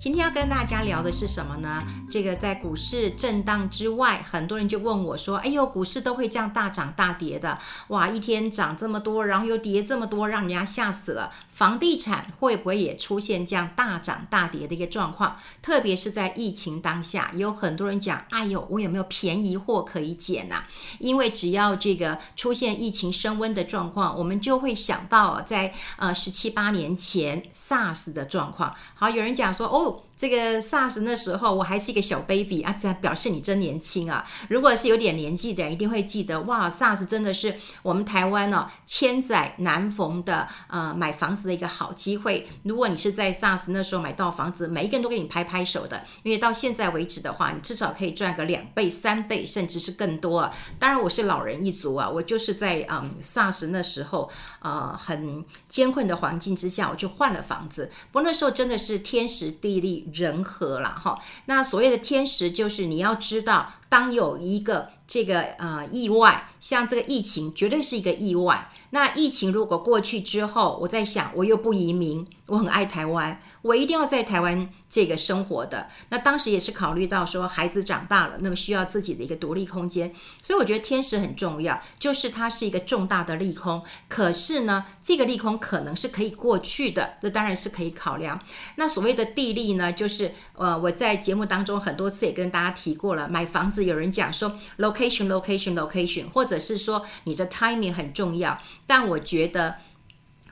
今天要跟大家聊的是什麼呢？這個在股市震盪之外，很多人就問我說：“哎呦，股市都會這樣大漲大跌的，哇，一天漲這麼多，然後又跌這麼多，讓人家嚇死了。房地產會不會也出現這樣大漲大跌的一個狀況？特別是在疫情當下，有很多人講：哎呦，我有沒有便宜貨可以撿呢啊？因為只要這個出現疫情升溫的狀況，我們就會想到在呃十七八年前 SARS 的狀況。好，有人講說哦。這個 SARS 那時候我還是一個小 baby 啊，這表示你真年輕啊！如果是有點年紀的人，一定會記得哇，SARS 真的是我們台灣哦，啊，千載難逢的呃買房子的一個好機會。如果你是在 SARS 那時候買到房子，每一個人都給你拍拍手的，因為到現在為止的話，你至少可以賺個兩倍、三倍，甚至是更多啊。當然我是老人一族啊，我就是在嗯 SARS 那時候，呃，很艱困的環境之下，我就換了房子。不過那時候真的是天時地。利人和了哈，那所謂的天時就是你要知道，當有一個這個呃意外，像這個疫情，絕對是一個意外。那疫情如果過去之後，我在想，我又不移民。我很愛台灣，我一定要在台灣這個生活的。那當時也是考慮到說，孩子長大了，那麼需要自己的一個獨立空間，所以我覺得天時很重要，就是它是一個重大的利空。可是呢，這個利空可能是可以過去的，這當然是可以考量。那所謂的地利呢，就是呃，我在節目當中很多次也跟大家提過了，買房子有人講說 location，location，location，location, location, 或者是說你的 timing 很重要，但我覺得。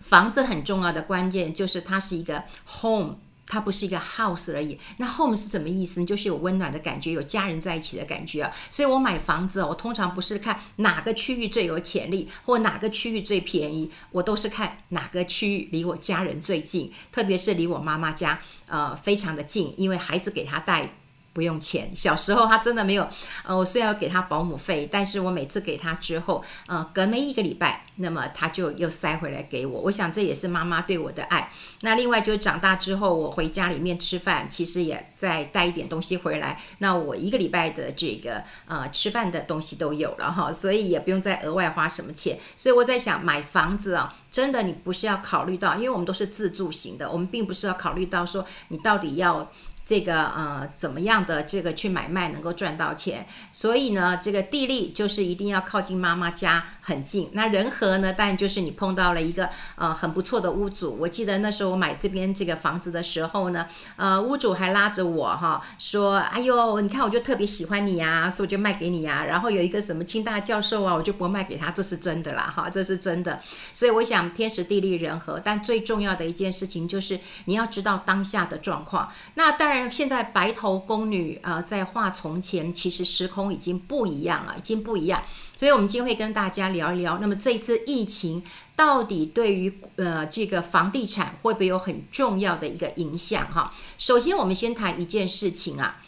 房子很重要的關鍵就是它是一個 home，它不是一個 house 而已。那 home 是什麼意思呢？就是有溫暖的感覺，有家人在一起的感覺啊。所以我買房子哦，我通常不是看哪個區域最有潛力，或哪個區域最便宜，我都是看哪個區域離我家人最近，特別是離我媽媽家，呃，非常的近，因為孩子給她帶。不用錢。小時候他真的沒有，呃，我雖然要給他保姆費，但是我每次給他之後，呃，隔沒一個禮拜，那麼他就又塞回來給我。我想這也是媽媽對我的愛。那另外就是長大之後，我回家裡面吃飯，其實也再帶一點東西回來。那我一個禮拜的這個呃吃飯的東西都有了哈，所以也不用再額外花什麼錢。所以我在想，買房子啊，真的你不是要考慮到，因為我們都是自住型的，我們並不是要考慮到說你到底要。這個呃，怎麼樣的這個去買賣能夠賺到錢？所以呢，這個地利就是一定要靠近媽媽家。很近，那人和呢？當然就是你碰到了一個呃很不錯的屋主。我記得那時候我買這邊這個房子的時候呢，呃屋主還拉着我哈說：“哎呦，你看我就特別喜歡你呀，啊，所以我就賣給你呀，啊。”然後有一個什麼清大教授啊，我就不賣給他，這是真的啦哈，這是真的。所以我想天時地利人和，但最重要的一件事情就是你要知道當下的狀況。那當然現在白頭宮女啊、呃、在話從前，其實時空已經不一樣了，已經不一樣了。所以，我們今天會跟大家聊一聊，那麼這次疫情到底對於呃這個房地產會不會有很重要的一個影響？哈，首先我們先談一件事情啊，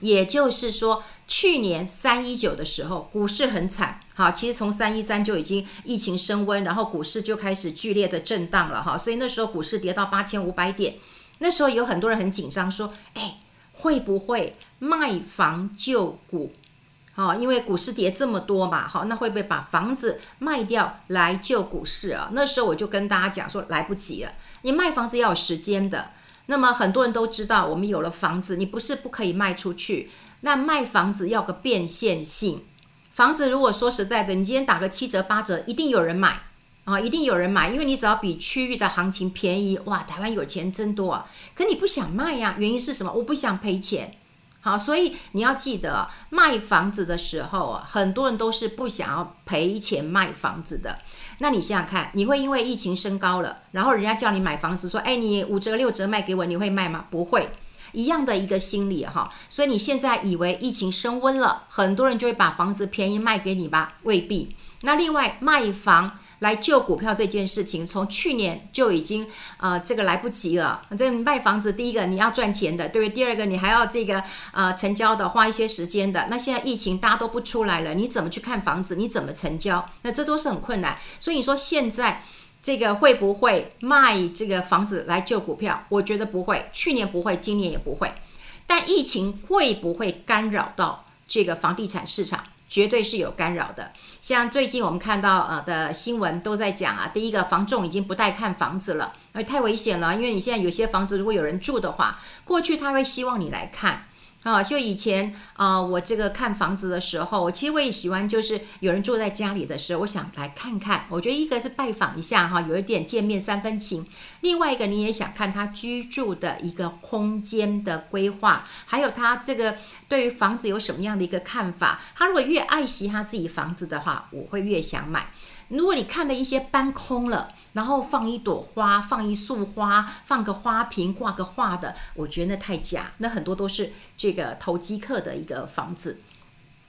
也就是說，去年三一九的時候，股市很慘，哈，其實從三一三就已經疫情升溫，然後股市就開始劇烈的震盪了，哈，所以那時候股市跌到八千五百點，那時候有很多人很緊張，說，哎，會不會賣房救股？好，因為股市跌這麼多嘛，好，那會不會把房子賣掉來救股市啊？那時候我就跟大家講說，來不及了，你賣房子要有時間的。那麼很多人都知道，我們有了房子，你不是不可以賣出去，那賣房子要個變現性。房子如果說實在的，你今天打個七折八折，一定有人買啊，一定有人買，因為你只要比區域的行情便宜，哇，台灣有錢真多啊，可你不想賣呀啊？原因是什麼？我不想賠錢。好，所以你要記得賣房子的時候啊，很多人都是不想要賠錢賣房子的。那你想想看，你會因為疫情升高了，然後人家叫你買房子，說：“哎，你五折六折賣給我，你會賣嗎？”不會，一樣的一個心理哈。所以你現在以為疫情升溫了，很多人就會把房子便宜賣給你吧？未必。那另外賣房。來救股票這件事情，從去年就已經啊、呃，這個來不及了。反正賣房子，第一個你要賺錢的，對不對？第二個你還要這個啊、呃、成交的，花一些時間的。那現在疫情大家都不出來了，你怎麼去看房子？你怎麼成交？那這都是很困難。所以你說現在這個會不會賣這個房子來救股票？我覺得不會，去年不會，今年也不會。但疫情會不會干擾到這個房地產市場？絕對是有干擾的，像最近我們看到呃的新聞都在講啊，第一個房仲已經不帶看房子了，而太危險了，因為你現在有些房子如果有人住的話，過去他會希望你來看。啊、哦，就以前啊、呃，我這個看房子的時候，我其實我也喜歡，就是有人住在家裡的時候，我想來看看。我覺得一個是拜訪一下哈，有一點見面三分情；另外一個你也想看他居住的一個空間的規劃，還有他這個對於房子有什麼樣的一個看法。他如果越愛惜他自己房子的話，我會越想買。如果你看的一些搬空了。然後放一朵花，放一束花，放個花瓶，掛個畫的，我覺得那太假，那很多都是這個投機客的一個房子。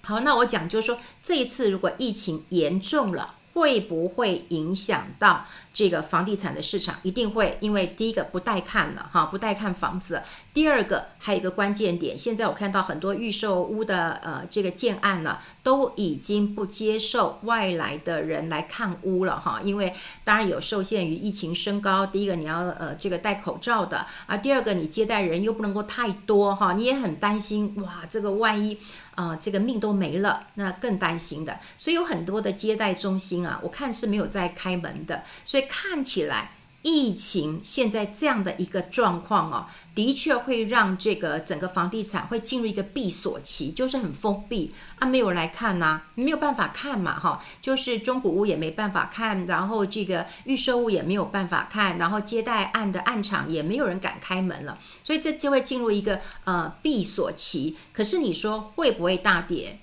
好，那我講就是說，這一次如果疫情嚴重了。會不會影響到這個房地產的市場？一定會，因為第一個不帶看了哈，不帶看房子；第二個還有一個關鍵點，現在我看到很多預售屋的呃這個建案了，都已經不接受外來的人來看屋了哈，因為當然有受限於疫情升高，第一個你要呃這個戴口罩的啊，而第二個你接待人又不能夠太多哈，你也很擔心哇，這個萬一。啊、呃，這個命都沒了，那更擔心的。所以有很多的接待中心啊，我看是沒有在開門的。所以看起來。疫情現在這樣的一個狀況哦，的確會讓這個整個房地產會進入一個閉鎖期，就是很封閉啊，沒有人來看吶、啊，沒有辦法看嘛，哈、哦，就是中古屋也沒辦法看，然後這個預售屋也沒有辦法看，然後接待案的案場也沒有人敢開門了，所以這就會進入一個呃閉鎖期。可是你說會不會大跌？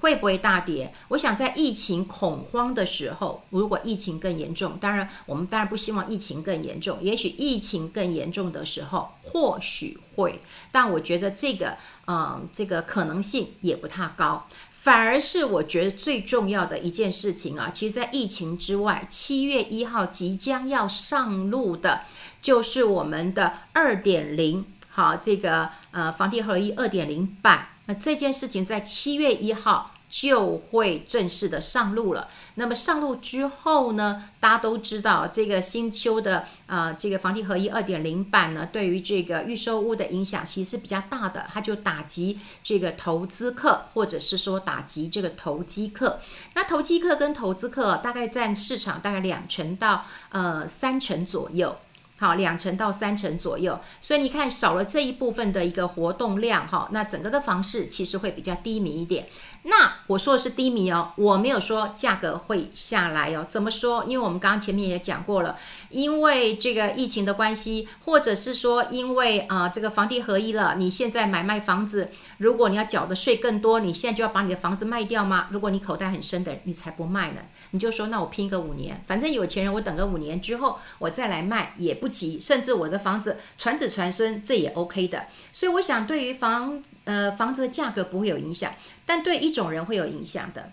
會不會大跌？我想在疫情恐慌的時候，如果疫情更嚴重，當然我們當然不希望疫情更嚴重。也許疫情更嚴重的時候，或許會，但我覺得這個，嗯、呃，這個可能性也不太高。反而是我覺得最重要的一件事情啊，其實，在疫情之外，七月一號即將要上路的，就是我們的二點零，好，這個呃，房地合一二點零版。那這件事情在七月一號就會正式的上路了。那麼上路之後呢，大家都知道這個新修的啊、呃、這個房地合一二點零版呢，對於這個預售屋的影響其實是比較大的，它就打擊這個投資客，或者是說打擊這個投機客。那投機客跟投資客大概占市場大概兩成到呃三成左右。好，兩成到三成左右，所以你看少了這一部分的一個活動量，哈，那整個的房市其實會比較低迷一點。那我說的是低迷哦，我沒有說價格會下來哦。怎麼說？因為我們剛剛前面也講過了，因為這個疫情的關係，或者是說因為啊、呃、這個房地合一了，你現在買賣房子，如果你要繳的稅更多，你現在就要把你的房子賣掉嗎？如果你口袋很深的人，你才不賣呢。你就說，那我拼個五年，反正有錢人，我等個五年之後我再來賣也不急，甚至我的房子傳子傳孫，這也 OK 的。所以我想對於房。呃，房子的價格不會有影響，但對一種人會有影響的，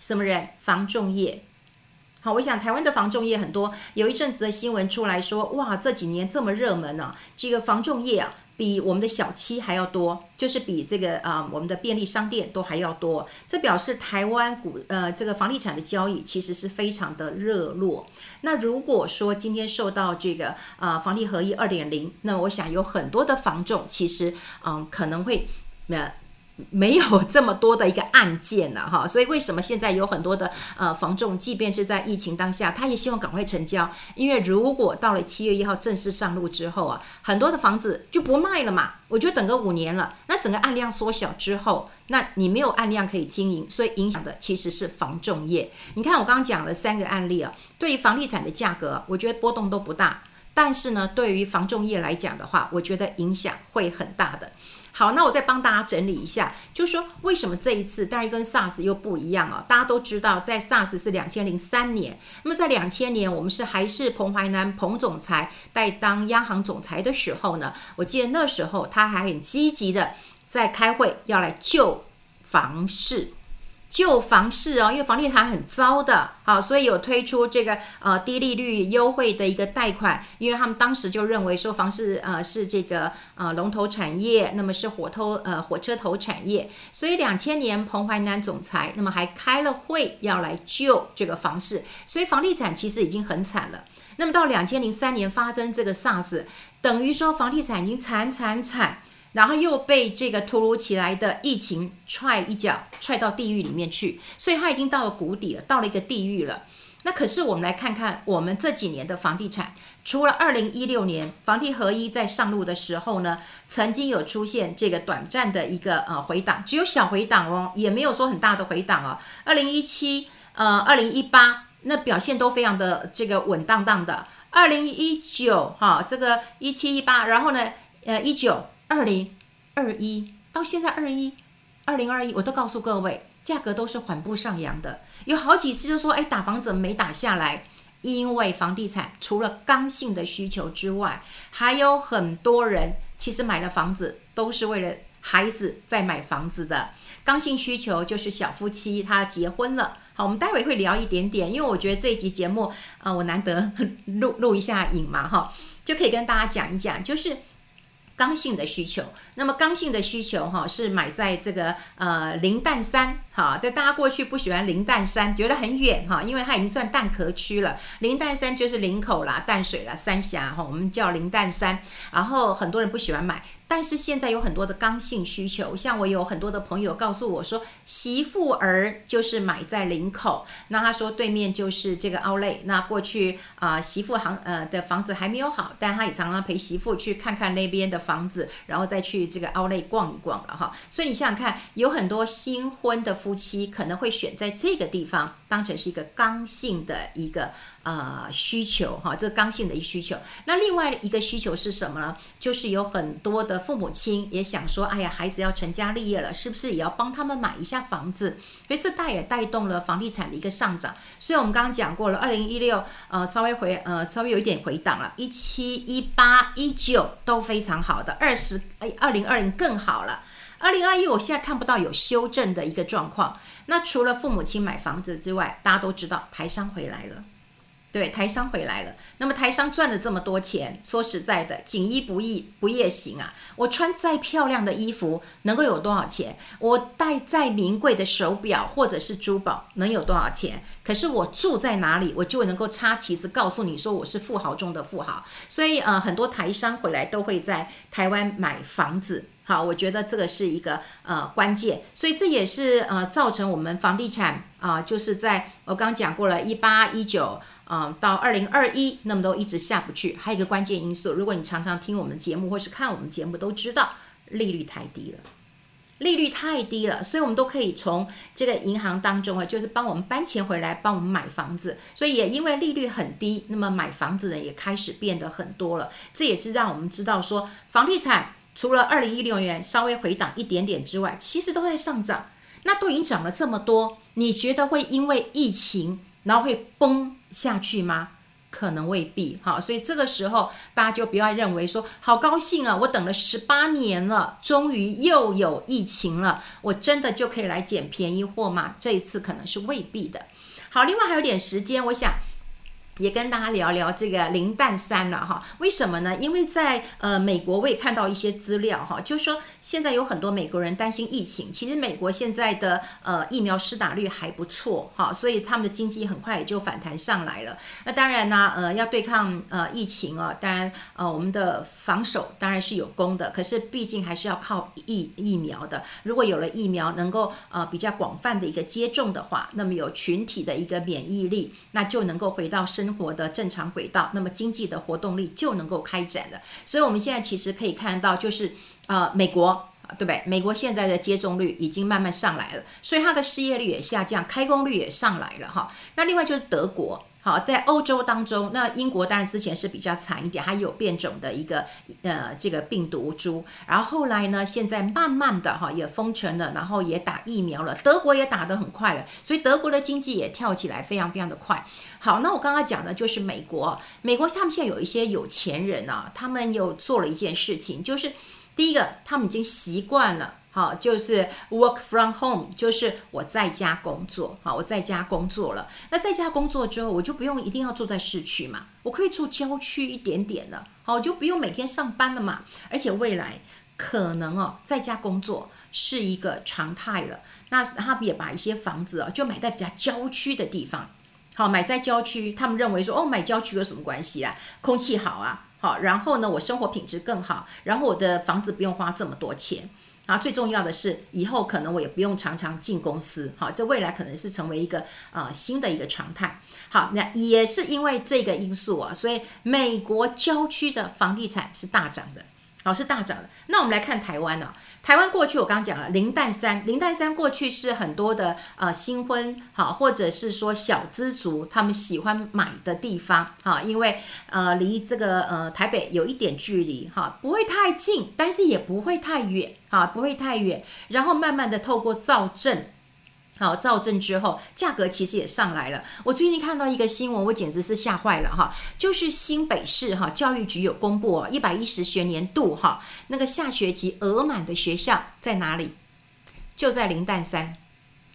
什麼人？房仲業。好，我想台灣的房仲業很多，有一陣子的新聞出來說，哇，這幾年這麼熱門呢、啊，這個房仲業啊。比我們的小七還要多，就是比這個啊、呃，我們的便利商店都還要多。這表示台灣股，呃，這個房地產的交易其實是非常的熱絡。那如果說今天受到這個啊、呃，房地合一二點零，那我想有很多的房仲其實嗯、呃，可能會那。呃沒有這麼多的一個案件了、啊、哈，所以為什麼現在有很多的呃房仲，即便是在疫情當下，他也希望趕快成交，因為如果到了七月一號正式上路之後啊，很多的房子就不賣了嘛，我就等個五年了。那整個案量縮小之後，那你沒有案量可以經營，所以影響的其實是房仲業。你看我剛剛講了三個案例啊，對於房地產的價格，我覺得波動都不大，但是呢，對於房仲業來講的話，我覺得影響會很大的。好，那我再幫大家整理一下，就是說，為什麼這一次當然，跟 SARS 又不一樣啊、哦？大家都知道，在 SARS 是兩千零三年，那麼在兩千年，我們是還是彭淮南彭總裁在當央行總裁的時候呢，我記得那時候他還很積極的在開會要來救房市。救房市哦，因為房地產很糟的，好，所以有推出這個呃低利率優惠的一個貸款，因為他們當時就認為說房市呃是這個呃龍頭產業，那麼是火頭呃火車頭產業，所以兩千年彭淮南總裁那麼還開了會要來救這個房市，所以房地產其實已經很慘了，那麼到兩千零三年發生這個 SARS，等於說房地產已經慘慘慘。然後又被這個突如其來的疫情踹一腳，踹到地獄裡面去，所以它已經到了谷底了，到了一個地獄了。那可是我們來看看我們這幾年的房地產，除了二零一六年房地合一在上路的時候呢，曾經有出現這個短暫的一個呃回檔，只有小回檔哦，也沒有說很大的回檔哦。二零一七呃二零一八那表現都非常的這個穩當當的。二零一九哈，這個一七一八，然後呢呃一九。19, 二零二一到現在二一二零二一，我都告訴各位，價格都是緩步上揚的。有好幾次就說，哎，打房怎麼沒打下來，因為房地產除了剛性的需求之外，還有很多人其實買了房子都是為了孩子在買房子的。剛性需求就是小夫妻他結婚了。好，我們待會會聊一點點，因為我覺得這一集節目啊，我難得錄錄一下影嘛，哈，就可以跟大家講一講，就是。剛性的需求，那麼剛性的需求哈是買在這個呃林三淡哈，在大家過去不喜歡林三淡，覺得很遠哈，因為它已經算蛋殼區了。林三淡就是林口啦、淡水啦、三峽哈，我們叫林三淡，然後很多人不喜歡買。但是現在有很多的剛性需求，像我有很多的朋友告訴我說，媳婦兒就是買在林口，那他說對面就是這個 Outlet 那過去啊、呃、媳婦行呃的房子還沒有好，但他也常常陪媳婦去看看那邊的房子，然後再去這個 Outlet 逛一逛了哈。所以你想想看，有很多新婚的夫妻可能會選在這個地方，當成是一個剛性的一個呃需求哈，這個剛性的一個需求。那另外一個需求是什麼呢？就是有很多的父母親也想說，哎呀，孩子要成家立業了，是不是也要幫他們買一下房子？所以這代也帶動了房地產的一個上漲。所以我們剛剛講過了，二零一六呃稍微回呃稍微有一點回檔了，一七一八一九都非常好的，二十誒二零二零更好了，二零二一，我現在看不到有修正的一個狀況。那除了父母親買房子之外，大家都知道台商回來了，對，台商回來了。那麼台商賺了這麼多錢，說實在的，錦衣不衣不夜行啊。我穿再漂亮的衣服，能夠有多少錢？我戴再名貴的手錶或者是珠寶，能有多少錢？可是我住在哪裡，我就能夠插旗子告訴你說我是富豪中的富豪。所以呃，很多台商回來都會在台灣買房子。好，我覺得這個是一個呃關鍵，所以這也是呃造成我們房地產啊、呃，就是在我剛剛講過了 18, 19,、呃，一八一九啊到二零二一，那麼都一直下不去。還有一個關鍵因素，如果你常常聽我們節目或是看我們節目都知道，利率太低了，利率太低了，所以我們都可以從這個銀行當中啊，就是幫我們搬錢回來，幫我們買房子。所以也因為利率很低，那麼買房子呢，也開始變得很多了。這也是讓我們知道說房地產。除了二零一六年稍微回檔一點點之外，其實都在上漲。那都已經漲了這麼多，你覺得會因為疫情然後會崩下去嗎？可能未必。好，所以這個時候大家就不要認為說，好高興啊，我等了十八年了，終於又有疫情了，我真的就可以來撿便宜貨嗎？這一次可能是未必的。好，另外還有點時間，我想。也跟大家聊聊這個零蛋三了、啊、哈，為什麼呢？因為在呃美國我也看到一些資料哈、哦，就是，說現在有很多美國人擔心疫情，其實美國現在的呃疫苗施打率還不錯哈、哦，所以他們的經濟很快也就反彈上來了。那當然呢，呃要對抗呃疫情哦，啊，當然呃我們的防守當然是有功的，可是畢竟還是要靠疫疫苗的。如果有了疫苗，能夠呃比較廣泛的一個接種的話，那麼有群體的一個免疫力，那就能夠回到身生活的正常軌道，那麼經濟的活動力就能夠開展的。所以，我們現在其實可以看到，就是啊、呃，美國對不對？美國現在的接種率已經慢慢上來了，所以它的失業率也下降，開工率也上來了哈。那另外就是德國。好，在歐洲當中，那英國當然之前是比較慘一點，它有變種的一個呃這個病毒株，然後後來呢，現在慢慢的哈、哦、也封城了，然後也打疫苗了，德國也打得很快了，所以德國的經濟也跳起來非常非常的快。好，那我剛剛講的，就是美國，美國下面現在有一些有錢人啊，他們又做了一件事情，就是第一個，他們已經習慣了。好，就是 work from home，就是我在家工作。好，我在家工作了。那在家工作之後，我就不用一定要住在市區嘛，我可以住郊區一點點了。好，我就不用每天上班了嘛。而且未來可能哦，在家工作是一個常態了。那他也把一些房子啊、哦，就買在比較郊區的地方。好，買在郊區，他們認為說，哦，買郊區有什麼關係啊？空氣好啊，好，然後呢，我生活品質更好，然後我的房子不用花這麼多錢。啊，最重要的是，以後可能我也不用常常進公司，好，這未來可能是成為一個呃新的一個常態。好，那也是因為這個因素啊，所以美國郊區的房地產是大漲的。老是大漲的，那我們來看台灣哦、啊。台灣過去我剛講了林三淡，林三淡過去是很多的呃新婚好、啊，或者是說小資族他們喜歡買的地方哈、啊，因為呃離這個呃台北有一點距離哈、啊，不會太近，但是也不會太遠啊，不會太遠，然後慢慢的透過造鎮。好，造鎮之後，價格其實也上來了。我最近看到一個新聞，我簡直是嚇壞了哈！就是新北市哈教育局有公布哦，一百一十學年度哈那個下學期額滿的學校在哪裡？就在林淡三，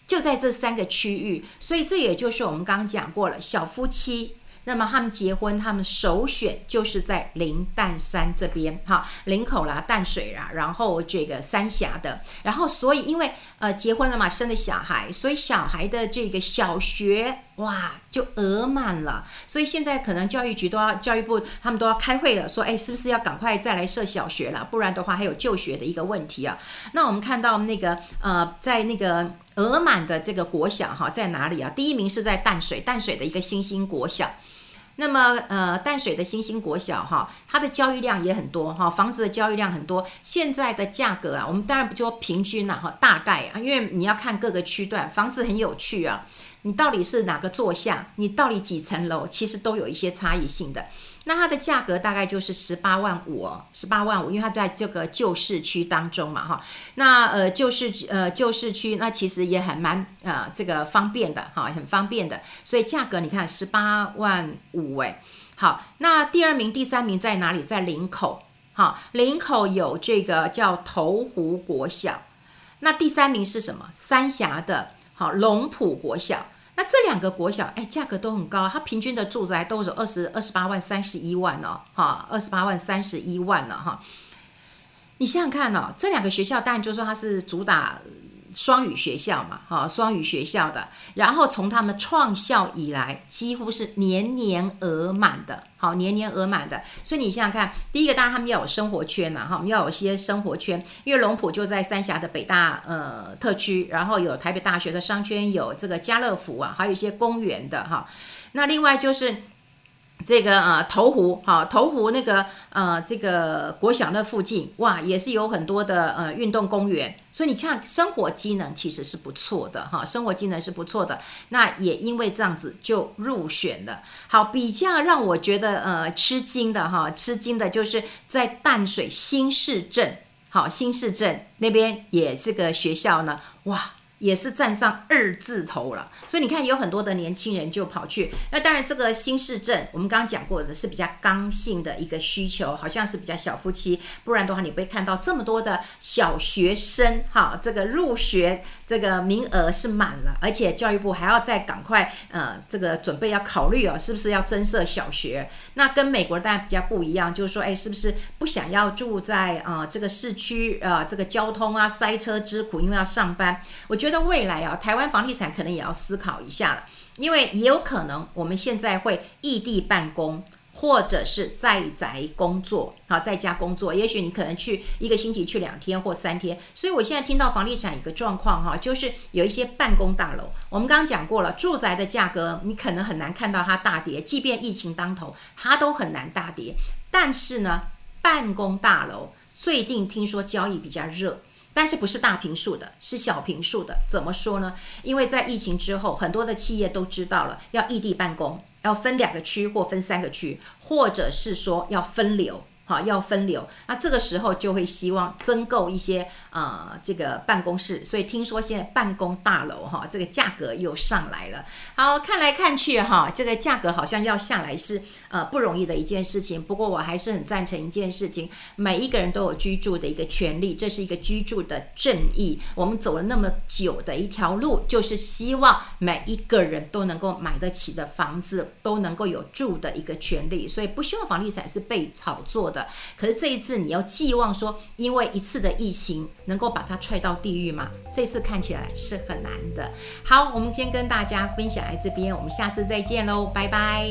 就在這三個區域。所以這也就是我們剛剛講過了小夫妻。那麼他們結婚，他們首選就是在林淡山這邊，哈，林口啦，淡水啦，然後這個三峽的，然後所以因為呃結婚了嘛，生了小孩，所以小孩的這個小學。哇，就額滿了，所以現在可能教育局都要教育部他們都要開會了，說哎，是不是要趕快再來設小學了？不然的話還有就學的一個問題啊。那我們看到那個呃，在那個額滿的這個國小哈，哦，在哪裡啊？第一名是在淡水，淡水的一個新興國小。那麼呃，淡水的新興國小哈，它的交易量也很多哈，房子的交易量很多。現在的價格啊，我們當然不就平均了哈，大概啊，因為你要看各個區段，房子很有趣啊。你到底是哪個座向，你到底幾層樓？其實都有一些差異性的。那它的價格大概就是十八萬五哦，十八萬五，因為它在這個舊市區當中嘛，哈。那呃，舊市呃舊市區，那其實也很蠻呃這個方便的哈，很方便的。所以價格你看十八萬五誒。好。那第二名、第三名在哪裡？在林口。好，林口有這個叫頭湖國小。那第三名是什麼？三峽的。好，龍埔國小，那這兩個國小，哎，價格都很高，它平均的住宅都是二十二十八萬、三十一萬呢、哦。哈，二十八萬、三十一萬呢、哦。哈。你想想看哦，這兩個學校，當然就說它是主打，雙語學校嘛，哈，雙語學校的，然後從他們創校以來，幾乎是年年額滿的，好，年年額滿的。所以你想想看，第一個，當然他們要有生活圈啊，哈，我們要有一些生活圈，因為龍埔就在三峽的北大呃特區，然後有台北大學的商圈，有這個家樂福啊，還有一些公園的哈，那另外就是。這個啊，頭、呃、湖好，頭、哦、湖那個呃，這個國小那附近哇，也是有很多的呃運動公園，所以你看生活機能其實是不錯的哈、哦，生活機能是不錯的，那也因為這樣子就入選了。好，比較讓我覺得呃吃驚的哈、哦，吃驚的就是在淡水新市鎮好、哦，新市鎮那邊也是個學校呢，哇。也是站上二字頭了，所以你看，有很多的年輕人就跑去。那當然，這個新市鎮我們剛剛講過的是比較剛性的一個需求，好像是比較小夫妻。不然的話，你不會看到這麼多的小學生，哈，這個入學。這個名額是滿了，而且教育部還要再趕快，呃，這個準備要考慮哦、啊，是不是要增設小學？那跟美國當然比較不一樣，就是說，哎，是不是不想要住在啊、呃、這個市區啊、呃、這個交通啊塞車之苦，因為要上班。我覺得未來啊，台灣房地產可能也要思考一下了，因為也有可能我們現在會異地辦公，或者是在宅工作，好，在家工作，也許你可能去一個星期，去兩天或三天。所以我現在聽到房地產一個狀況哈，就是有一些辦公大樓，我們剛剛講過了，住宅的價格你可能很難看到它大跌，即便疫情當頭，它都很難大跌。但是呢，辦公大樓最近聽說交易比較熱。但是不是大坪數的，是小坪數的。怎麼說呢？因為在疫情之後，很多的企業都知道了要異地辦公，要分兩個區或分三個區，或者是說要分流，哈、啊，要分流。那這個時候就會希望增購一些。呃，這個辦公室，所以聽說現在辦公大樓哈，這個價格又上來了。好，看來看去哈，這個價格好像要下來是呃不容易的一件事情。不過我還是很贊成一件事情，每一個人都有居住的一個權利，這是一個居住的正義。我們走了那麼久的一條路，就是希望每一個人都能夠買得起的房子，都能夠有住的一個權利。所以不希望房地產是被炒作的。可是這一次你要寄望說，因為一次的疫情。能夠把他踹到地獄嗎？這次看起來是很難的。好，我們先跟大家分享來這邊，我們下次再見嘍，拜拜。